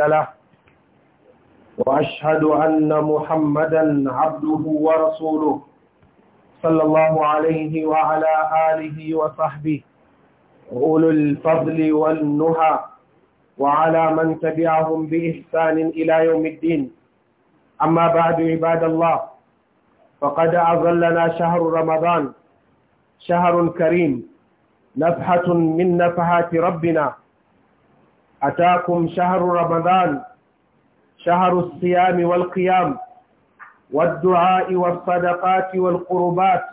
له وأشهد أن محمدا عبده ورسوله صلى الله عليه وعلى آله وصحبه أولو الفضل والنهى وعلى من تبعهم بإحسان إلى يوم الدين أما بعد عباد الله فقد أظلنا شهر رمضان شهر كريم نفحة من نفحات ربنا أتاكم شهر رمضان شهر الصيام والقيام والدعاء والصدقات والقربات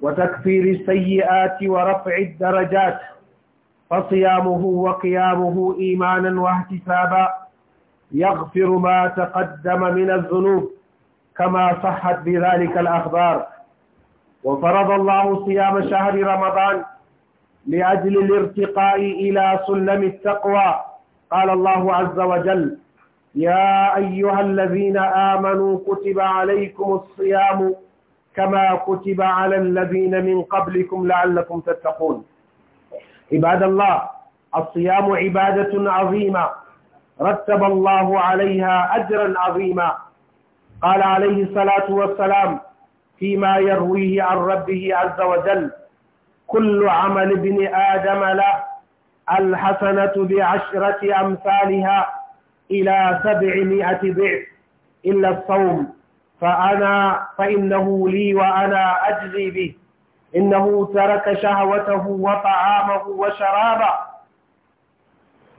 وتكفير السيئات ورفع الدرجات فصيامه وقيامه إيمانا واحتسابا يغفر ما تقدم من الذنوب كما صحت بذلك الأخبار وفرض الله صيام شهر رمضان لأجل الارتقاء إلى سلم التقوى قال الله عز وجل يا أيها الذين آمنوا كتب عليكم الصيام كما كتب على الذين من قبلكم لعلكم تتقون عباد الله الصيام عبادة عظيمة رتب الله عليها أجرا عظيما قال عليه الصلاة والسلام فيما يرويه عن ربه عز وجل كل عمل ابن آدم له الحسنة بعشرة أمثالها إلى سبعمائة ضعف إلا الصوم فأنا فإنه لي وأنا أجزي به إنه ترك شهوته وطعامه وشرابه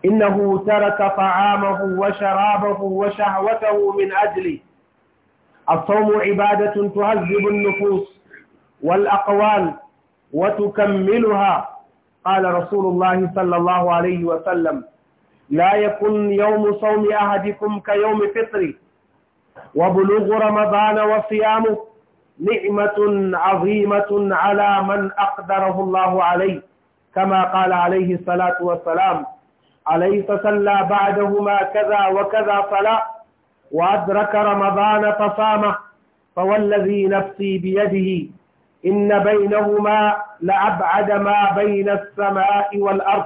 إنه ترك طعامه وشرابه وشهوته من أجلي الصوم عبادة تهذب النفوس والأقوال وتكملها قال رسول الله صلى الله عليه وسلم لا يكن يوم صوم أحدكم كيوم فطري وبلوغ رمضان وصيامه نعمة عظيمة على من أقدره الله عليه كما قال عليه الصلاة والسلام عليه صلى بعدهما كذا وكذا صلاة وأدرك رمضان فصامه فوالذي نفسي بيده إن بينهما لأبعد ما بين السماء والأرض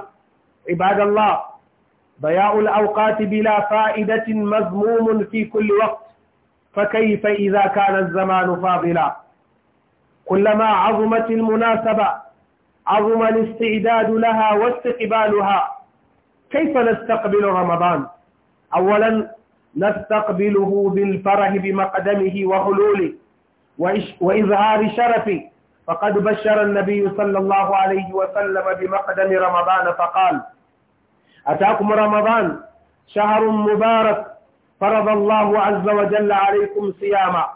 عباد الله ضياء الأوقات بلا فائدة مذموم في كل وقت فكيف إذا كان الزمان فاضلا كلما عظمت المناسبة عظم الاستعداد لها واستقبالها كيف نستقبل رمضان أولا نستقبله بالفرح بمقدمه وحلوله وإظهار شرفي فقد بشر النبي صلى الله عليه وسلم بمقدم رمضان فقال أتاكم رمضان شهر مبارك فرض الله عز وجل عليكم صياما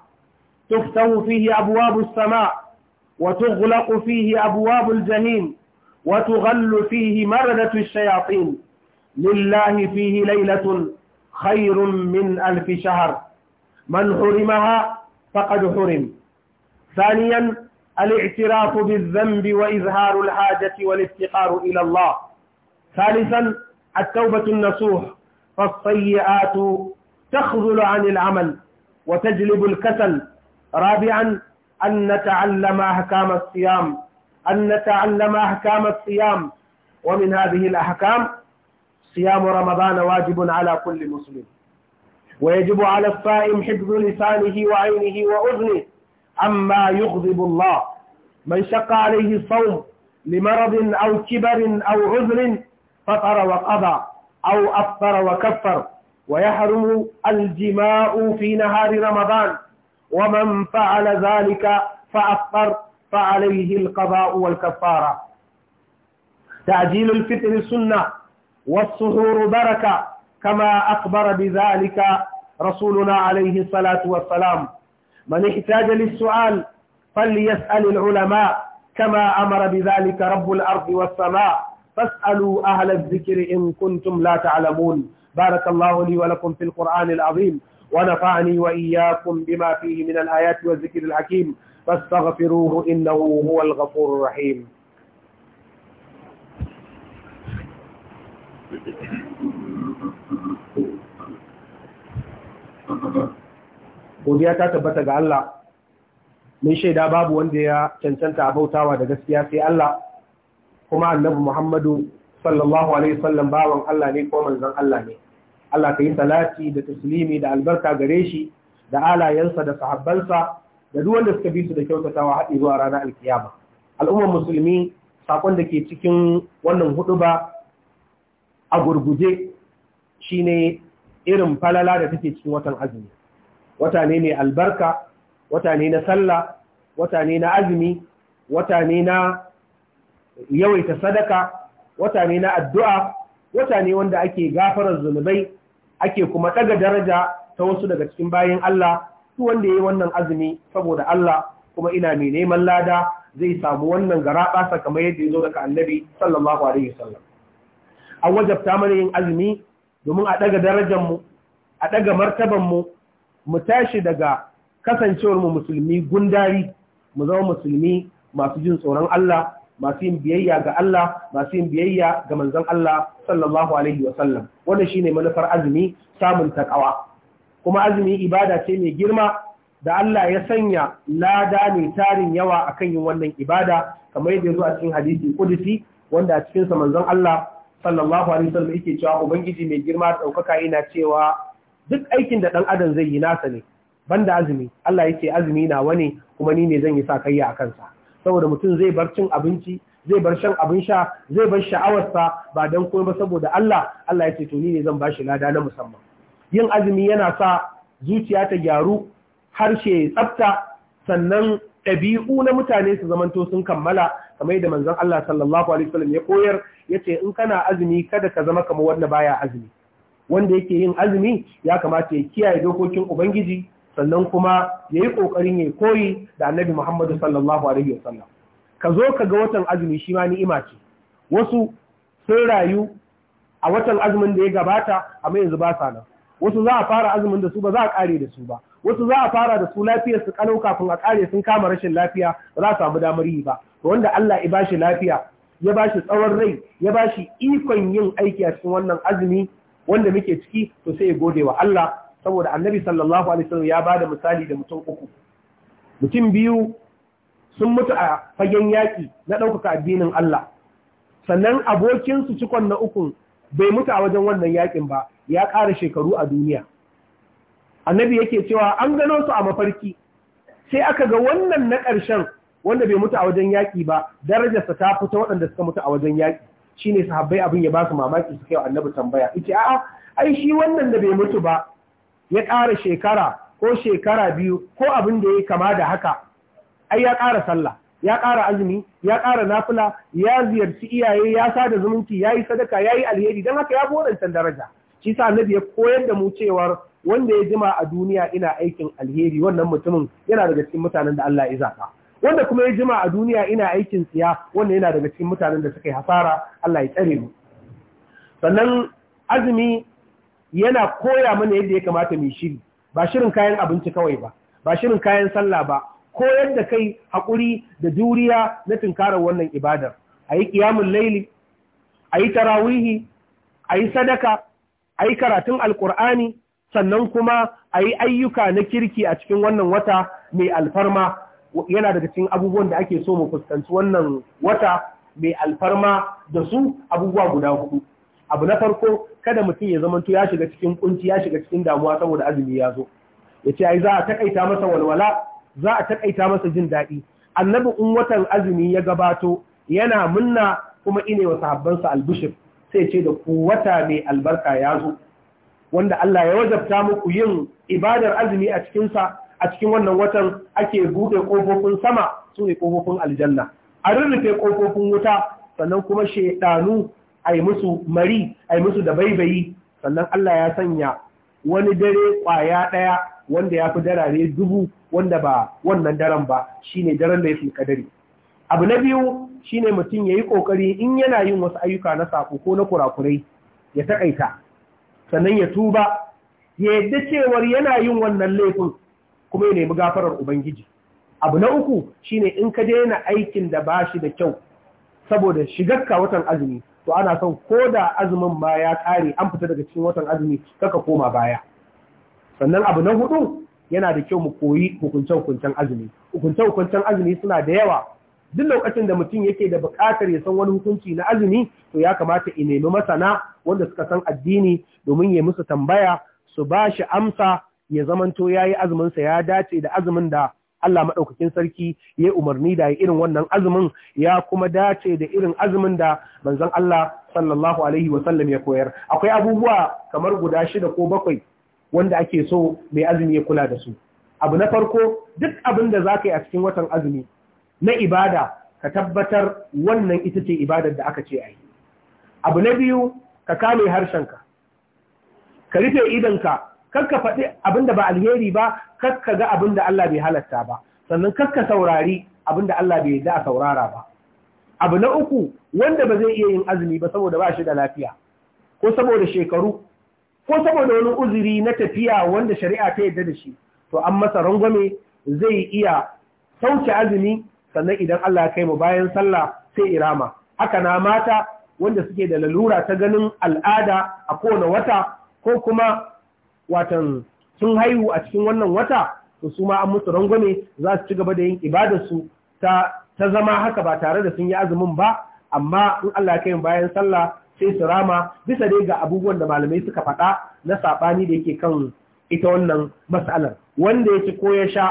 تفتو فيه أبواب السماء وتغلق فيه أبواب الجنين وتغل فيه مردة الشياطين لله فيه ليلة خير من ألف شهر من حرمها فقد حرم ثانيا الاعتراف بالذنب وإظهار الحاجة والافتقار إلى الله ثالثا التوبة النصوح فالسيئات تخذل عن العمل وتجلب الكسل رابعا أن نتعلم أحكام الصيام أن نتعلم أحكام الصيام ومن هذه الأحكام صيام رمضان واجب على كل مسلم ويجب على الصائم حفظ لسانه وعينه وأذنه عما يغضب الله من شق عليه الصوم لمرض أو كبر أو عذر فطر وقضى أو أفطر وكفر ويحرم الجماء في نهار رمضان ومن فعل ذلك فأفطر فعليه القضاء والكفارة تعجيل الفطر سنة والصهور بركة كما أخبر بذلك رسولنا عليه الصلاة والسلام من احتاج للسؤال فليسأل العلماء كما أمر بذلك رب الأرض والسماء فاسألوا أهل الذكر إن كنتم لا تعلمون بارك الله لي ولكم في القرآن العظيم ونفعني وإياكم بما فيه من الآيات والذكر الحكيم فاستغفروه إنه هو الغفور الرحيم godiya ta tabbata ga Allah mai shaida babu wanda ya cancanta abautawa da gaskiya sai Allah kuma annabi Muhammadu sallallahu alaihi wasallam bawan Allah ne ko manzon Allah ne Allah ka yi salati da taslimi da albarka gare shi da alayensa da sahabbansa da duk wanda suka bi su da kyautatawa haɗi zuwa ranar alkiyama al'ummar musulmi sakon da ke cikin wannan hudu ba a gurguje ne irin falala da take cikin watan azumi wata ne mai albarka wata ne na sallah wata ne na azumi wata ne na yawaita sadaka wata ne na addu'a wata ne wanda ake gafarar zunubai ake kuma ɗaga daraja ta wasu daga cikin bayan Allah su wanda ya yi wannan azumi saboda Allah kuma ina mai neman lada zai samu wannan ɓasa kamar yadda ya zo daga annabi sallallahu alaihi wasallam an wajabta mana yin azumi domin a daga darajarmu a ɗaga martabanmu mu tashi daga kasancewarmu musulmi gundari mu zama musulmi masu jin tsoron Allah masu yin biyayya ga Allah masu yin biyayya ga manzon Allah sallallahu alaihi wasallam wannan shine manufar azumi samun takawa kuma azumi ibada ce mai girma da Allah ya sanya lada mai tarin yawa akan yin wannan ibada kamar yadda ya zo a cikin hadisi kudusi wanda a cikinsa sa manzon Allah sallallahu alaihi wasallam yake cewa ubangiji mai girma da daukaka yana cewa duk aikin da dan adam zai yi nasa ne banda azumi Allah yake azumi na wani kuma ni ne zan yi sa kai a kansa saboda mutum zai bar cin abinci zai bar shan abin sha zai bar sha'awarsa ba dan komai ba saboda Allah Allah yake to ni ne zan bashi lada na musamman yin azumi yana sa zuciya ta gyaru harshe tsafta sannan ɗabi'u na mutane su zamanto sun kammala kamar da manzan Allah sallallahu alaihi wasallam ya koyar ce in kana azumi kada ka zama kamar wanda baya azumi wanda yake yin azumi ya kamata ya kiyaye dokokin ubangiji sannan kuma ya yayi ƙoƙarin yayi koyi da annabi Muhammadu sallallahu alaihi wasallam ka zo ka ga watan azumi shi ma ni'ima ce wasu sun rayu a watan azumin da ya gabata amma yanzu ba sa nan wasu za a fara azumin da su ba za a ƙare da su ba wasu za a fara da su lafiyar su kalau kafin a kare sun kama rashin lafiya ba za su samu damar yi ba to wanda Allah ya bashi lafiya ya bashi tsawon rai ya bashi ikon yin aiki a cikin wannan azumi wanda muke ciki to sai ya gode wa Allah saboda Annabi sallallahu alaihi wasallam ya bada misali da mutum uku mutum biyu sun mutu a fagen yaƙi na ɗaukaka addinin Allah sannan abokinsu cikon na ukun bai mutu a wajen wannan yaƙin ba ya ƙara shekaru a duniya annabi yake cewa an gano su a mafarki sai aka ga wannan na ƙarshen wanda bai mutu a wajen yaƙi ba darajarsa ta fito waɗanda suka mutu a wajen yaƙi shine sahabbai abin ya ba su mamaki su kai wa annabi tambaya yace a'a ai shi wannan da bai mutu ba ya ƙara shekara ko shekara biyu ko abin da ya kama da haka ai ya ƙara sallah ya ƙara azumi ya ƙara nafila ya ziyarci iyaye ya sada zumunci ya yi sadaka ya yi alheri don haka ya fi waɗancan daraja shi sa annabi ya koyar da mu cewar wanda ya jima a duniya ina aikin alheri wannan mutumin yana daga cikin mutanen da Allah ya zaba wanda kuma ya jima a duniya ina aikin tsiya wanda yana daga cikin mutanen da suka yi hasara Allah ya tsare mu sannan azumi yana koya mana yadda ya kamata mu shiri ba shirin kayan abinci kawai ba ba shirin kayan sallah ba koyar da kai haƙuri da juriya na tunkarar wannan ibadar a yi ƙiyamun laili a yi tarawihi a yi sadaka a yi karatun alƙur'ani sannan kuma a yi ayyuka na kirki a cikin wannan wata mai alfarma yana daga cikin abubuwan da ake so mu fuskanci wannan wata mai alfarma da su abubuwa guda hudu abu na farko kada mutum ya zamanto ya shiga cikin kunci ya shiga cikin damuwa saboda azumi ya zo ya ce ai za a takaita masa walwala za a takaita masa jin daɗi annabi in watan azumi ya gabato yana munna kuma ine wa sahabbansa albushir sai ce da ku wata mai albarka ya zo wanda Allah ya wajabta muku yin ibadar azumi a cikinsa a cikin wannan watan ake buɗe ƙofofin sama su ne ƙofofin aljanna a rurrufe ƙofofin wuta sannan kuma shaidanu a yi musu mari a yi musu da baibayi sannan Allah ya sanya wani dare ƙwaya ɗaya wanda ya fi darare dubu wanda ba wannan daren ba shine daren da ya fi kadari abu na biyu shine mutum ya yi ƙoƙari in yana yin wasu ayyuka na saƙo ko na kurakurai ya taƙaita sannan ya tuba ya yadda cewar yana yin wannan laifin kuma ya nemi gafarar ubangiji abu na uku shi ne in ka daina aikin da ba shi da kyau saboda shigarka watan azumi to ana son ko da azumin ma ya kare an fita daga cikin watan azumi kaka koma baya sannan abu na hudu yana da kyau mu koyi hukunce-hukuncen azumi hukunce-hukuncen azumi suna da yawa duk lokacin da mutum yake da buƙatar ya san wani hukunci na azumi to ya kamata in nemi masana wanda suka san addini domin ya musu tambaya su ba shi amsa ya zamanto ya yi azuminsa ya dace da azumin da Allah maɗaukakin sarki ya yi umarni da ya irin wannan azumin ya kuma dace da irin azumin da manzon Allah sallallahu alaihi wasallam ya koyar akwai abubuwa kamar guda shida ko bakwai wanda ake so mai azumi ya kula da su abu na farko duk abin da za yi a cikin watan azumi na ibada ka tabbatar wannan ita ce ibadar da aka ce a yi abu na biyu ka kame harshenka ka rufe idanka kakka faɗi abin da ba alheri ba kakka ga abin da Allah bai halatta ba sannan kakka saurari abin da Allah bai da a saurara ba abu na uku wanda ba zai iya yin azumi ba saboda ba shi da lafiya ko saboda shekaru ko saboda wani uzuri na tafiya wanda shari'a ta yarda da shi to an masa rangwame zai iya sauke azumi sannan idan Allah ya kai mu bayan sallah sai irama haka na mata wanda suke da lalura ta ganin al'ada a kowane wata ko kuma watan sun haihu a cikin wannan wata to su ma an musu rangwame za su ci gaba da yin ibadarsu ta ta zama haka ba tare da sun yi azumin ba amma in Allah ya kai mu bayan sallah sai su rama bisa dai ga abubuwan da malamai suka faɗa na saɓani da yake kan ita wannan matsalar wanda ya ci ko ya sha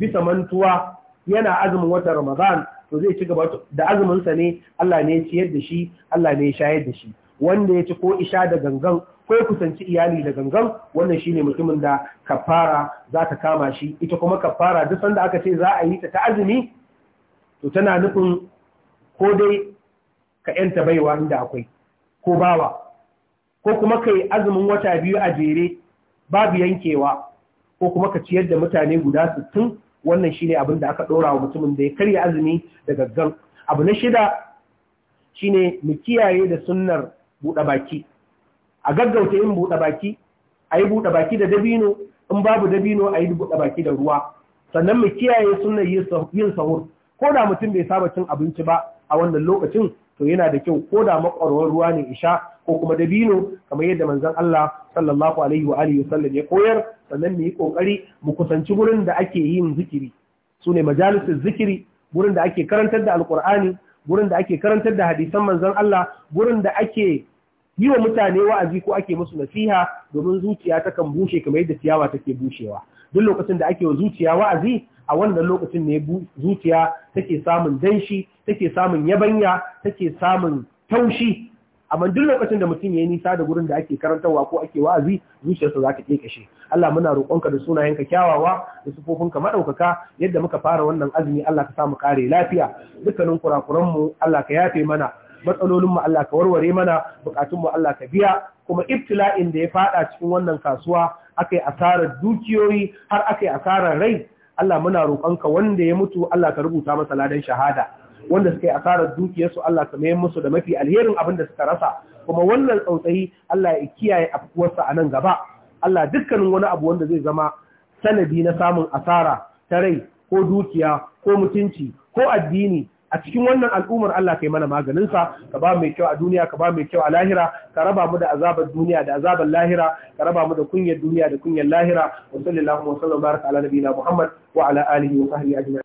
bisa mantuwa yana azumin watan Ramadan to zai ci gaba da azuminsa ne Allah ne ya ciyar da shi Allah ne ya shayar da shi wanda ya ci ko isha da gangan ko kusanci iyali da gangan wannan shine mutumin da kafara za ta kama shi ita kuma kafara duk sanda aka ce za a yi ta ta azumi to tana nufin ko dai ka yanta baiwa inda akwai ko bawa ko kuma kai azumin wata biyu a jere babu yankewa ko kuma ka ciyar da mutane guda sittin wannan shine abin da aka ɗora wa mutumin da ya karya azumi da gaggan abu na shida shi ne mu kiyaye da sunnar buɗe baki a gaggauta yin buɗe baki a yi buɗe baki da dabino in babu dabino a yi buɗe baki da ruwa sannan mu kiyaye sunnar yin sahur ko da mutum bai saba cin abinci ba a wannan lokacin to yana da kyau ko da makwarwar ruwa ne isha ko kuma dabino kamar yadda manzon Allah sallallahu alaihi wa alihi sallam ya koyar sannan mu yi kokari mu kusanci gurin da ake yin zikiri sune majalisul zikiri gurin da ake karantar da alqur'ani gurin da ake karantar da hadisan manzon Allah gurin da ake yi wa mutane wa'azi ko ake musu nasiha domin zuciya ta kan bushe kamar yadda ciyawa take bushewa duk lokacin da ake wa zuciya wa'azi a wannan lokacin ne zuciya take samun danshi take samun yabanya take samun taushi amma duk lokacin da mutum yayi nisa da gurin da ake karantarwa ko ake wa'azi zuciyarsa za ta kekashe Allah muna roƙonka da sunayenka kyawawa da sufofinka madaukaka yadda muka fara wannan azumi Allah ka samu kare lafiya dukkanin kurakuran mu Allah ka yafe mana matsalolin mu Allah ka warware mana bukatun mu Allah ka biya kuma ibtila'in da ya fada cikin wannan kasuwa akai asarar dukiyoyi har akai asarar rai Allah muna roƙonka wanda ya mutu Allah ka rubuta masa ladan shahada wanda suka yi asarar dukiyarsu Allah ka mayar musu da mafi alherin abin da suka rasa kuma wannan tsautsayi Allah ya kiyaye afkuwarsa a nan gaba Allah dukkanin wani abu wanda zai zama sanadi na samun asara ta rai ko dukiya ko mutunci ko addini a cikin wannan al'ummar Allah kai mana maganinsa ka ba mai kyau a duniya ka ba mai kyau a lahira ka raba mu da azabar duniya da azabar lahira ka raba mu da kunyar duniya da kunyar lahira wa sallallahu wa sallam baraka ala nabiyina Muhammad wa ala alihi wa sahbihi ajma'in